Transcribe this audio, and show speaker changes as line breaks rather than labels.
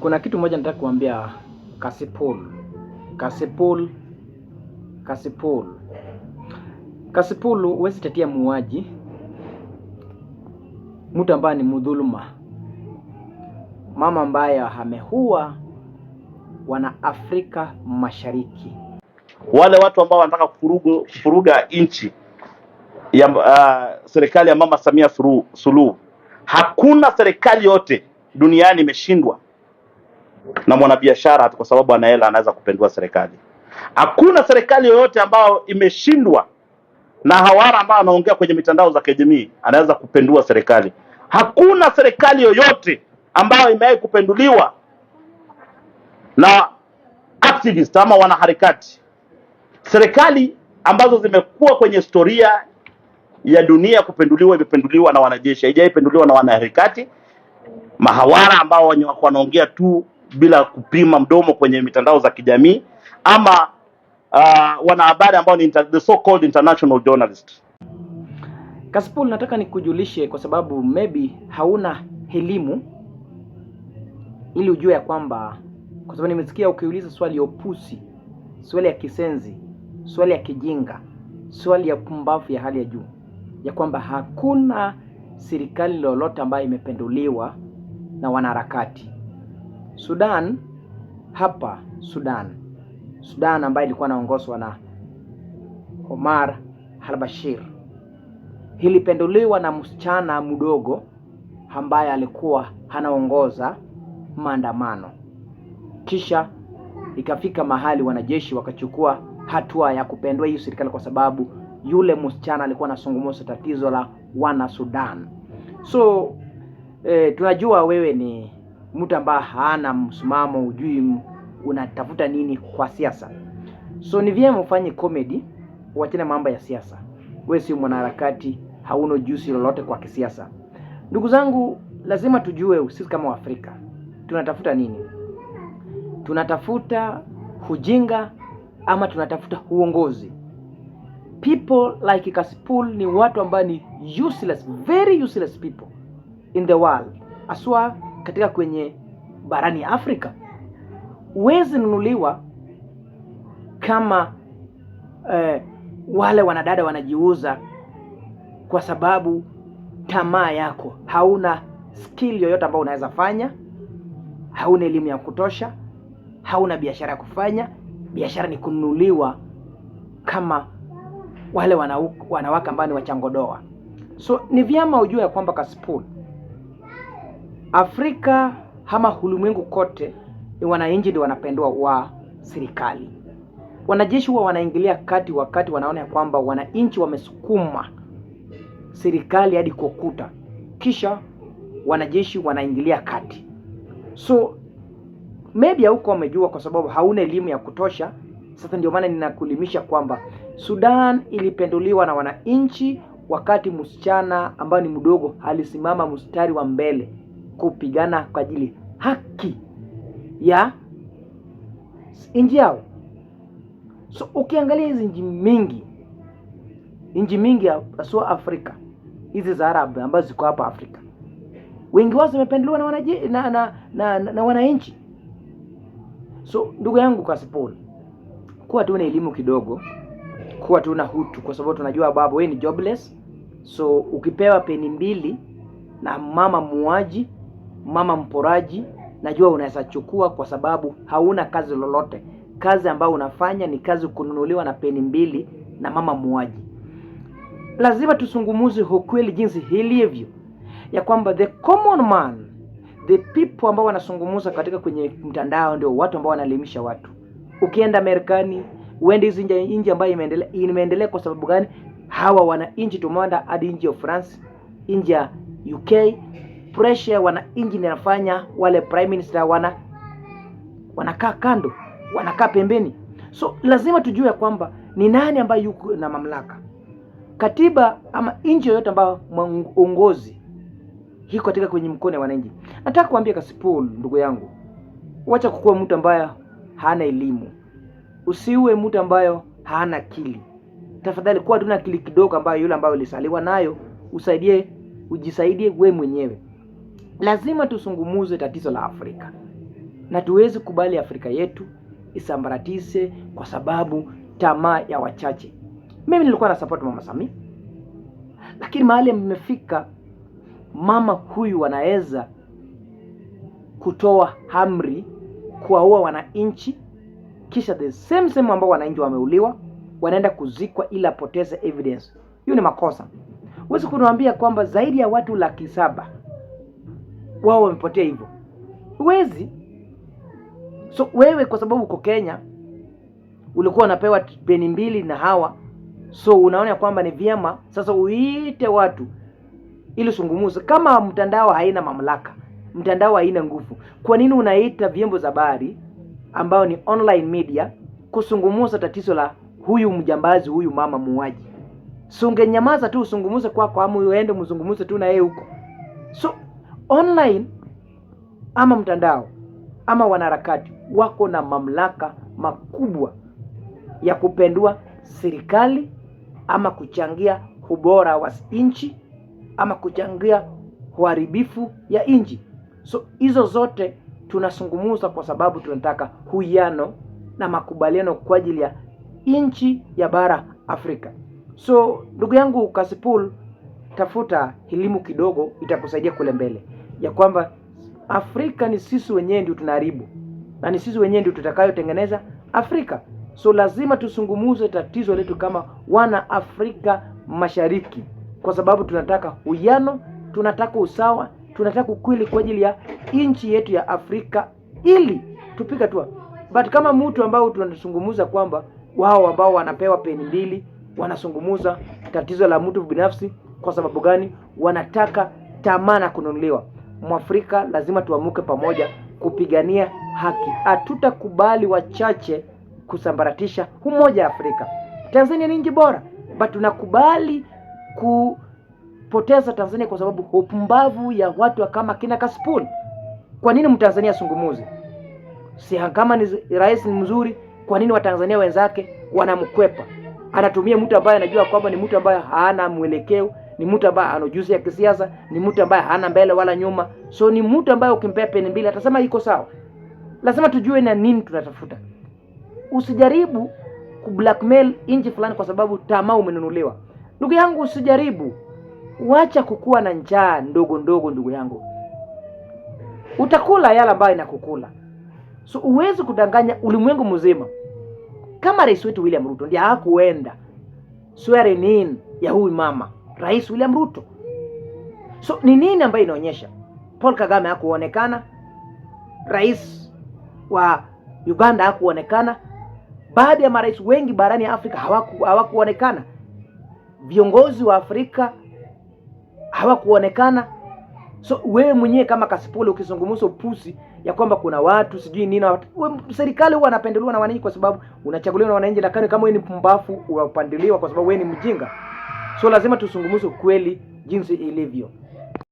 Kuna kitu moja nataka kuambia Kasipul. Kasipul, Kasipul, Kasipul, huwezi tetea muuaji, mtu ambaye ni mdhuluma, mama ambaye amehua wana Afrika Mashariki,
wale watu ambao wanataka kufurugu, kufuruga nchi ya uh, serikali ya Mama Samia Suluhu. Hakuna serikali yote duniani imeshindwa na mwanabiashara hata kwa sababu ana hela anaweza kupendua serikali. Hakuna serikali yoyote ambayo imeshindwa na hawara ambao anaongea kwenye mitandao za kijamii anaweza kupendua serikali. Hakuna serikali yoyote ambayo imewahi kupenduliwa na activist ama wanaharakati. Serikali ambazo zimekuwa kwenye historia ya dunia kupenduliwa imependuliwa na wanajeshi, haijawahi penduliwa na wanaharakati mahawara ambao wanaongea tu bila kupima mdomo kwenye mitandao za kijamii ama uh, wanahabari ambao ni inter, the so called international journalist.
Kaspul, nataka nikujulishe kwa sababu maybe hauna elimu ili ujue ya kwamba, kwa sababu nimesikia ukiuliza swali ya upusi, swali ya kisenzi, swali ya kijinga, swali ya pumbavu ya hali ya juu, ya kwamba hakuna serikali lolote ambayo imependuliwa na wanaharakati Sudan hapa Sudan, Sudan ambayo ilikuwa inaongozwa na Omar al-Bashir ilipenduliwa na msichana mdogo ambaye alikuwa anaongoza maandamano, kisha ikafika mahali wanajeshi wakachukua hatua ya kupendua hii serikali kwa sababu yule msichana alikuwa anazungumza tatizo la wana Sudan. So eh, tunajua wewe ni mtu ambaye hana msimamo, ujui unatafuta nini kwa siasa. So ni vyema ufanye comedy, uachane mambo ya siasa. Wewe si mwanaharakati, hauna ujuzi lolote kwa kisiasa. Ndugu zangu, lazima tujue sisi kama Waafrika tunatafuta nini? Tunatafuta hujinga ama tunatafuta uongozi? People like Kasipul ni watu ambao ni useless, very useless people in the world aswa katika kwenye barani Afrika huwezi nunuliwa kama eh, wale wanadada wanajiuza kwa sababu tamaa yako, hauna skill yoyote ambayo unaweza fanya, hauna elimu ya kutosha, hauna biashara ya kufanya. Biashara ni kununuliwa kama wale wanawake ambao ni wachangodoa. So ni vyema ujue ya kwamba kasipuni Afrika ama ulimwengu kote, ni wananchi ndio wanapendwa wa serikali. Wanajeshi huwa wanaingilia kati wakati wanaona kwamba wananchi wamesukuma serikali hadi kwa kisha wanajeshi wanaingilia kati. So maybe huko wamejua, kwa sababu hauna elimu ya kutosha. Sasa ndio maana ninakulimisha kwamba Sudan ilipenduliwa na wananchi wakati msichana ambaye ni mdogo alisimama mstari wa mbele kupigana kwa ajili haki ya nchi yao. So ukiangalia hizi nchi mingi, nchi mingi asua Afrika hizi za arab ambazo ziko hapa Afrika, wengi wao zimependelewa na wananchi na, na, na, na, na wananchi. So ndugu yangu Kasipul, kuwa tu na elimu kidogo, kuwa tu na hutu, kwa sababu tunajua babu wewe ni jobless. So ukipewa peni mbili na mama muaji mama mporaji, najua unaweza chukua kwa sababu hauna kazi lolote. Kazi ambayo unafanya ni kazi kununuliwa na peni mbili na mama muaji. Lazima tusungumuze ukweli jinsi ilivyo ya kwamba the common man, the people ambao wanasungumuza katika kwenye mtandao ndio watu ambao wanaelimisha watu. Ukienda Marekani, uende hizi nchi ambayo imeendelea, imeendelea kwa sababu gani? Hawa wana nchi tumanda hadi nchi ya France, nchi ya UK pressure wana wananchi inafanya wale prime minister wana wanakaa kando, wanakaa pembeni. So lazima tujue kwamba ni nani ambaye yuko na mamlaka. Katiba ama nchi yoyote ambayo uongozi hiko katika kwenye mkono wa wananchi. Nataka kuambia Kasipul, ndugu yangu, wacha kukua mtu ambaye hana elimu, usiwe mtu ambayo hana akili. Tafadhali kuwa tuna akili kidogo ambayo yule ambayo ulisaliwa nayo, usaidie, ujisaidie we mwenyewe. Lazima tusungumuze tatizo la Afrika na tuwezi kubali Afrika yetu isambaratise kwa sababu tamaa ya wachache. Mimi nilikuwa na support Mama Samia, lakini mahali mmefika, mama huyu wanaweza kutoa amri kuwaua wananchi, kisha the same same ambao wananchi wameuliwa wanaenda kuzikwa ili apoteze evidence. Hiyo ni makosa. Huwezi kuniambia kwamba zaidi ya watu laki saba wao wamepotea hivyo, huwezi. So wewe kwa sababu uko Kenya ulikuwa unapewa peni mbili na hawa, so unaona kwamba ni vyema sasa uite watu ili sungumuze. Kama mtandao haina mamlaka, mtandao haina nguvu, kwa nini unaita vyombo za habari ambao ni online media kusungumuza tatizo la huyu mjambazi, huyu mama muuaji? So ungenyamaza tu usungumuze kwako, ama uende mzungumuze tu na yeye huko so online ama mtandao ama wanaharakati wako na mamlaka makubwa ya kupendua serikali ama kuchangia ubora wa nchi ama kuchangia uharibifu ya nchi. So hizo zote tunazungumza kwa sababu tunataka huiano na makubaliano kwa ajili ya nchi ya bara Afrika. So ndugu yangu Kasipul, tafuta elimu kidogo, itakusaidia kule mbele ya kwamba Afrika ni sisi wenyewe ndio tunaharibu na ni sisi wenyewe ndio tutakayotengeneza Afrika. So lazima tusungumuze tatizo letu kama wana Afrika Mashariki, kwa sababu tunataka uyano, tunataka usawa, tunataka ukweli kwa ajili ya nchi yetu ya Afrika ili tupiga hatua. But kama mtu ambao tunazungumuza kwamba wao ambao wanapewa peni mbili wanasungumuza tatizo la mtu binafsi, kwa sababu gani? Wanataka tamaa na kununuliwa. Mwafrika lazima tuamuke pamoja kupigania haki. Hatutakubali wachache kusambaratisha umoja Afrika. Tanzania ni nchi bora, but tunakubali kupoteza Tanzania kwa sababu upumbavu ya watu kama kina Kasipul. Kwa nini mtanzania asungumuze? Si kama ni rais ni mzuri, kwa nini watanzania wenzake wanamkwepa? Anatumia mtu ambaye anajua kwamba ni mtu ambaye hana mwelekeo ni mtu ambaye ana ujuzi ya kisiasa, ni mtu ambaye hana mbele wala nyuma. So ni mtu ambaye ukimpea peni mbili atasema iko sawa. Lazima tujue na nini tunatafuta. Usijaribu ku blackmail inji fulani kwa sababu tamaa umenunuliwa. Ndugu yangu, usijaribu. Wacha kukua na njaa ndogo ndogo, ndugu yangu, utakula yale ambayo inakukula. So uwezi kudanganya ulimwengu mzima. Kama rais wetu William Ruto ndiye hakuenda swearing in ya huyu mama Rais William Ruto. So ni nini ambayo inaonyesha Paul Kagame hakuonekana, rais wa Uganda hakuonekana, baadhi ya marais wengi barani ya Afrika hawaku, hawakuonekana, viongozi wa Afrika hawakuonekana. So wewe mwenyewe kama Kasipul ukizungumza upusi ya kwamba kuna watu sijui nini, serikali huwa anapendelewa na wananchi kwa sababu unachaguliwa na wananchi, lakini kama wewe ni mpumbafu unapandiliwa kwa sababu wewe ni mjinga. So lazima tuzungumze ukweli jinsi ilivyo.